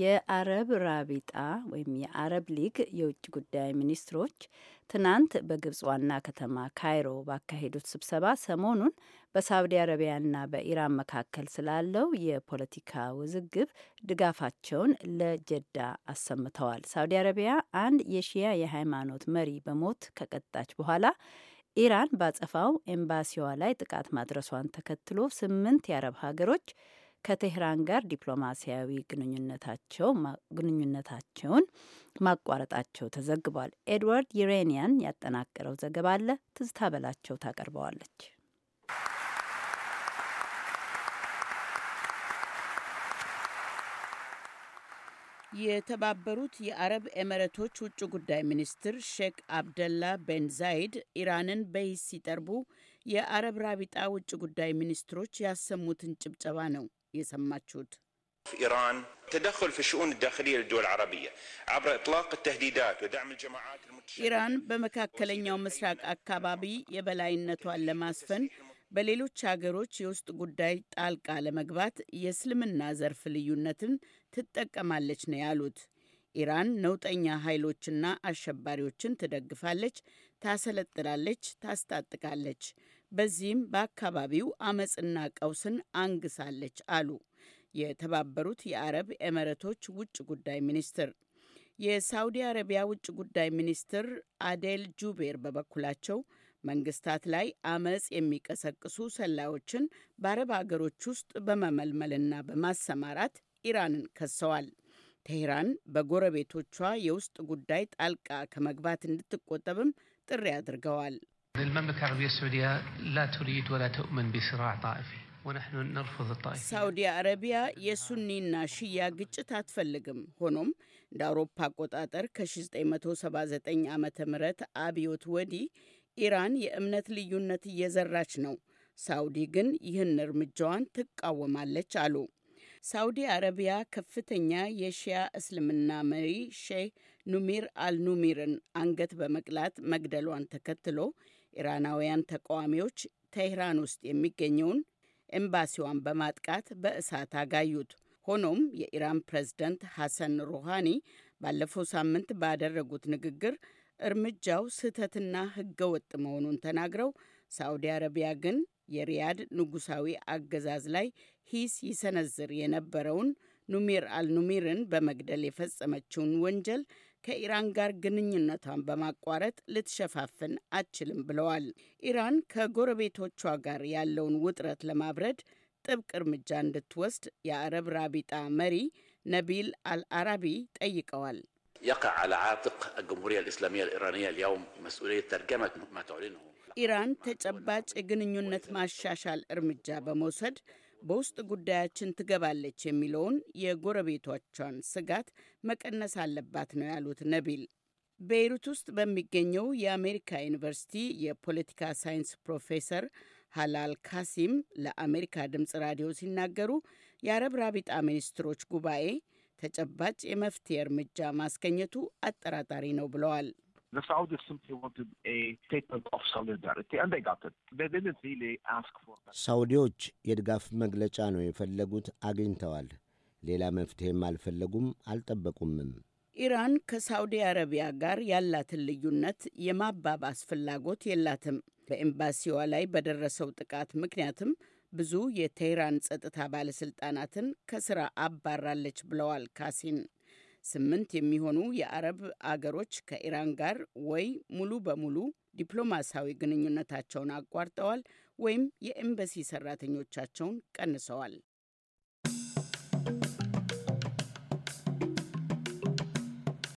የአረብ ራቢጣ ወይም የአረብ ሊግ የውጭ ጉዳይ ሚኒስትሮች ትናንት በግብጽ ዋና ከተማ ካይሮ ባካሄዱት ስብሰባ ሰሞኑን በሳውዲ አረቢያና በኢራን መካከል ስላለው የፖለቲካ ውዝግብ ድጋፋቸውን ለጀዳ አሰምተዋል። ሳውዲ አረቢያ አንድ የሺያ የሃይማኖት መሪ በሞት ከቀጣች በኋላ ኢራን ባጸፋው ኤምባሲዋ ላይ ጥቃት ማድረሷን ተከትሎ ስምንት የአረብ ሀገሮች ከቴህራን ጋር ዲፕሎማሲያዊ ግንኙነታቸው ግንኙነታቸውን ማቋረጣቸው ተዘግቧል። ኤድዋርድ ዩሬኒያን ያጠናቀረው ዘገባ አለ። ትዝታ በላቸው ታቀርበዋለች። የተባበሩት የአረብ ኤምሬቶች ውጭ ጉዳይ ሚኒስትር ሼክ አብደላ ቤን ዛይድ ኢራንን በይስ ሲጠርቡ የአረብ ራቢጣ ውጭ ጉዳይ ሚኒስትሮች ያሰሙትን ጭብጨባ ነው። የሰማችሁት። ኢራን ተደል ፊ ሽኡን ዳልያ ልድወል ዓረብያ ዓብረ እጥላቅ ተህዲዳት ወዳዕም ልጀማዓት ኢራን በመካከለኛው ምስራቅ አካባቢ የበላይነቷን ለማስፈን በሌሎች ሀገሮች የውስጥ ጉዳይ ጣልቃ ለመግባት የእስልምና ዘርፍ ልዩነትን ትጠቀማለች ነው ያሉት። ኢራን ነውጠኛ ኃይሎችና አሸባሪዎችን ትደግፋለች፣ ታሰለጥላለች፣ ታስታጥቃለች፣ በዚህም በአካባቢው አመፅና ቀውስን አንግሳለች አሉ የተባበሩት የአረብ ኤመረቶች ውጭ ጉዳይ ሚኒስትር። የሳውዲ አረቢያ ውጭ ጉዳይ ሚኒስትር አዴል ጁቤር በበኩላቸው መንግስታት ላይ አመፅ የሚቀሰቅሱ ሰላዮችን በአረብ አገሮች ውስጥ በመመልመልና በማሰማራት ኢራንን ከሰዋል። ቴህራን በጎረቤቶቿ የውስጥ ጉዳይ ጣልቃ ከመግባት እንድትቆጠብም ጥሪ አድርገዋል። ሳዑዲ አረቢያ የሱኒና ሽያ ግጭት አትፈልግም። ሆኖም እንደ አውሮፓ አቆጣጠር ከ1979 ዓ ም አብዮት ወዲህ ኢራን የእምነት ልዩነት እየዘራች ነው። ሳውዲ ግን ይህን እርምጃዋን ትቃወማለች አሉ። ሳውዲ አረቢያ ከፍተኛ የሺያ እስልምና መሪ ሼህ ኑሚር አልኑሚርን አንገት በመቅላት መግደሏን ተከትሎ ኢራናውያን ተቃዋሚዎች ቴህራን ውስጥ የሚገኘውን ኤምባሲዋን በማጥቃት በእሳት አጋዩት። ሆኖም የኢራን ፕሬዝደንት ሐሰን ሩሃኒ ባለፈው ሳምንት ባደረጉት ንግግር እርምጃው ስህተትና ወጥ መሆኑን ተናግረው ሳዑዲ አረቢያ ግን የሪያድ ንጉሳዊ አገዛዝ ላይ ሂስ ይሰነዝር የነበረውን ኑሚር አልኑሚርን በመግደል የፈጸመችውን ወንጀል ከኢራን ጋር ግንኙነቷን በማቋረጥ ልትሸፋፍን አትችልም ብለዋል። ኢራን ከጎረቤቶቿ ጋር ያለውን ውጥረት ለማብረድ ጥብቅ እርምጃ እንድትወስድ የአረብ ራቢጣ መሪ ነቢል አልአራቢ ጠይቀዋል። يقع على عاتق الجمهورية الإسلامية الإيرانية اليوم مسؤولية ترجمة ما تعلنه ኢራን ተጨባጭ የግንኙነት ማሻሻል እርምጃ በመውሰድ በውስጥ ጉዳያችን ትገባለች የሚለውን የጎረቤቶቿን ስጋት መቀነስ አለባት ነው ያሉት ነቢል። ቤይሩት ውስጥ በሚገኘው የአሜሪካ ዩኒቨርሲቲ የፖለቲካ ሳይንስ ፕሮፌሰር ሀላል ካሲም ለአሜሪካ ድምፅ ራዲዮ ሲናገሩ የአረብ ራቢጣ ሚኒስትሮች ጉባኤ ተጨባጭ የመፍትሄ እርምጃ ማስገኘቱ አጠራጣሪ ነው ብለዋል። The Saudis simply wanted a statement of solidarity and they got it. They didn't really ask for that. ሳውዲዎች የድጋፍ መግለጫ ነው የፈለጉት፣ አግኝተዋል። ሌላ መፍትሄም አልፈለጉም፣ አልጠበቁምም። ኢራን ከሳውዲ አረቢያ ጋር ያላትን ልዩነት የማባባስ ፍላጎት የላትም። በኤምባሲዋ ላይ በደረሰው ጥቃት ምክንያትም ብዙ የቴህራን ጸጥታ ባለስልጣናትን ከስራ አባራለች ብለዋል ካሲን ስምንት የሚሆኑ የአረብ አገሮች ከኢራን ጋር ወይ ሙሉ በሙሉ ዲፕሎማሲያዊ ግንኙነታቸውን አቋርጠዋል ወይም የኤምበሲ ሰራተኞቻቸውን ቀንሰዋል።